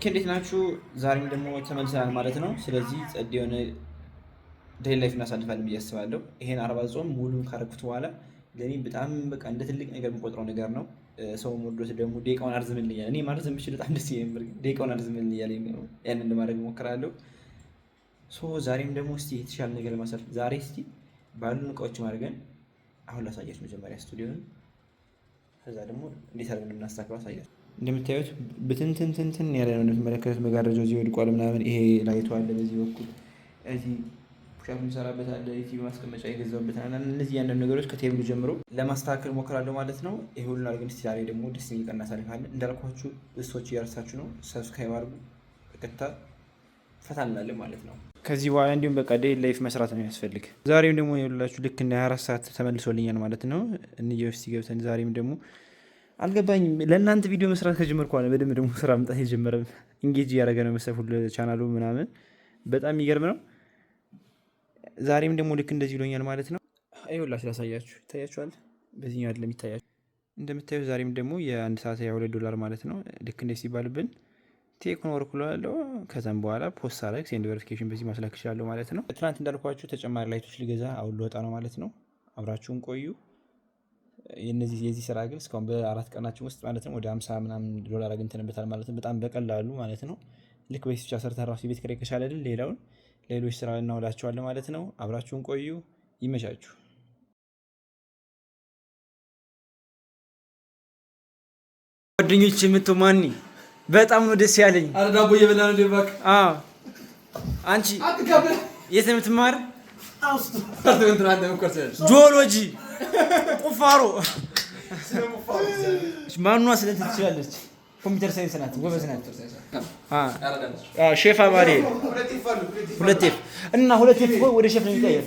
ኦኬ እንዴት ናችሁ? ዛሬም ደግሞ ተመልሰናል ማለት ነው። ስለዚህ ጸድ የሆነ ዴይ ላይፍ እናሳልፋለን ብዬ አስባለሁ። ይሄን አርባ ጾም ሙሉ ካረኩት በኋላ ለእኔ በጣም በቃ እንደ ትልቅ ነገር የምቆጥረው ነገር ነው። ሰው ወዶት ደግሞ ደቂቃውን አርዝምልኛል። እኔ ማለት የምችል በጣም ደስ ይምር ደቂቃውን አርዝምልኝ እያለ ያንን እንደማድረግ እሞክራለሁ። ዛሬም ደግሞ እስኪ የተሻለ ነገር ለማሳለፍ ዛሬ እስኪ ባሉን እቃዎች አድርገን አሁን ላሳያችሁ መጀመሪያ ስቱዲዮን፣ ከዛ ደግሞ እንዴት አድርገን እናስተካክለው አሳያችሁ እንደምታዩት ብትንትንትንትን ያለ ነው። እንደምትመለከቱት መጋረጃው እዚህ ወድቋል ምናምን። ይሄ ላይቶ አለ በዚህ በኩል እዚህ ፑሻፕ የምሰራበት አለ ዩቲዩብ ማስቀመጫ የገዛሁበት ና እነዚህ ያንዳንድ ነገሮች ከቴብሉ ጀምሮ ለማስተካከል ሞክራለሁ ማለት ነው። ይሄ ሁሉ ግን እስኪ ዛሬ ደግሞ ደስ የሚል ቀን እናሳልፋለን። እንዳልኳችሁ እሶች እያረሳችሁ ነው። ሰብስክራይብ አድርጉ። በቀጥታ ፈታ እንላለን ማለት ነው። ከዚህ በኋላ እንዲሁም በቃ ዴይ ላይፍ መስራት ነው ያስፈልግ። ዛሬም ደግሞ የሁላችሁ ልክ እንደ አራት ሰዓት ተመልሶልኛል ማለት ነው። እንየው እስኪ ገብተን ዛሬም ደግሞ አልገባኝም። ለእናንተ ቪዲዮ መስራት ከጀመር በኋላ በደንብ ደግሞ ስራ መጣት የጀመረ እንጌጅ እያደረገ ነው መሰል ሁሉ ቻናሉ ምናምን በጣም የሚገርም ነው። ዛሬም ደግሞ ልክ እንደዚህ ይሎኛል ማለት ነው። ይኸውላችሁ ላሳያችሁ፣ ይታያችኋል። በዚህኛው አይደለም ይታያችሁ እንደምታዩ ዛሬም ደግሞ የአንድ ሰዓት የሁለት ዶላር ማለት ነው። ልክ እንደ ሲባልብን ቴክኖ ወርኩላለው ከዛም በኋላ ፖስት አረግ ሴንድ ቨሪፊኬሽን በዚህ ማስላክ ይችላለሁ ማለት ነው። ትናንት እንዳልኳችሁ ተጨማሪ ላይቶች ልገዛ አሁን ልወጣ ነው ማለት ነው። አብራችሁን ቆዩ። የነዚህ የዚህ ስራ ግን እስካሁን በአራት ቀናችን ውስጥ ማለት ነው ወደ አምሳ ምናምን ዶላር አግኝተንበታል ማለት ነው። በጣም በቀላሉ ማለት ነው። ልክ በቤት ብቻ ሰርተ ራሱ ቤት ኪራይ ከቻለልን ሌላውን ሌሎች ስራ እናውላቸዋለን ማለት ነው። አብራችሁን ቆዩ። ይመቻችሁ። ጓደኞች ማኒ በጣም ነው ደስ ያለኝ። ዳቦ እየበላ ነው። አንቺ የት የምትማር? ጂኦሎጂ ቁፋሮ ማኗ ስለንት ትችላለች። ኮምፒውተር ሳይንስ ናት፣ ጎበዝ ናት። ሼፍ አማሪ ሁለት ፍ እና ሁለት ፍ ወደ ሼፍ ነው የሚቀየር።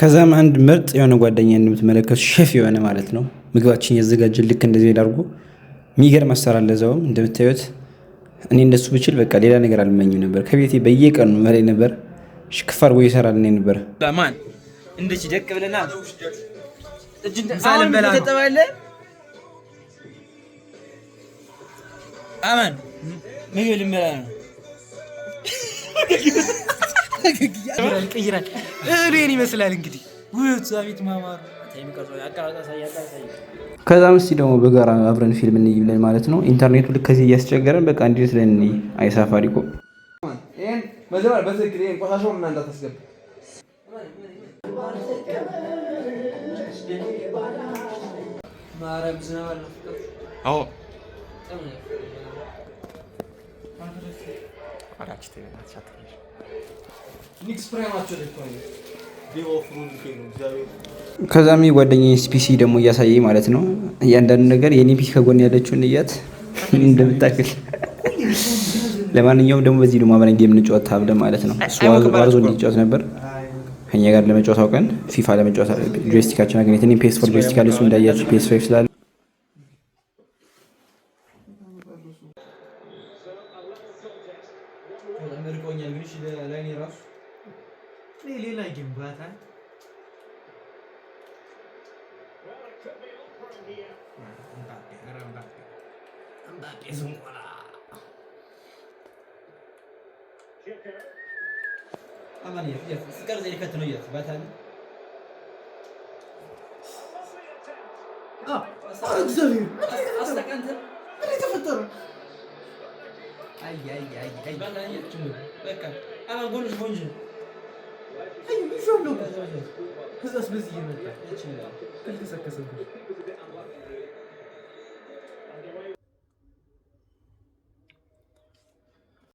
ከዛም አንድ ምርጥ የሆነ ጓደኛ እንደምትመለከቱ ሼፍ የሆነ ማለት ነው ምግባችን እያዘጋጀን ልክ እንደዚህ አድርጎ የሚገርም አሰራር ለዛውም እንደምታዩት እኔ እንደሱ ብችል በቃ ሌላ ነገር አልመኝም ነበር። ከቤቴ በየቀኑ መላይ ነበር ሽክፈር ወይ ይሰራል እኔ ነበር። በማን እንደች ደቅ ብለና አማን ምግብ ልንበላ ነው። ይሄን ይመስላል እንግዲህ ከዛም እስኪ ደግሞ በጋራ አብረን ፊልም እንይ ብለን ማለት ነው። ኢንተርኔቱ ልክ ከዚህ እያስቸገረን በቃ እንዲህ ለን እንይ አይሳፋሪኮ መጀመሪያ በትክክል ይሄን ቆሻሻውን ምናምን እንዳታስገባ ከዛም ጓደኛዬ ስፒሲ ደግሞ እያሳየኝ ማለት ነው። እያንዳንዱ ነገር የኔ ፒሲ ከጎን ያለችውን እያት እንደምታክል ለማንኛውም ደግሞ በዚህ ደግሞ አብረን ጌም እንጫወት ታብለ ማለት ነው። ዋርዞ እንዲጫወት ነበር ከኛ ጋር ለመጫወት አውቀን ፊፋ ለመጫወት ጆስቲካችን አገኘት። እኔ ፒኤስ ፎር ጆስቲካ ልሱ እንዳያችሁ ፒኤስ ፋይቭ ስላለ ሌላ عملية سكر زي كاتنو يس باتن اه اكزافير قصدك انت اللي تفطر اي اي اي اي بان هي تشنو هكا انا نقول جونجن اي شنو هذا اسمه زين هذا تشنو كيف تسكر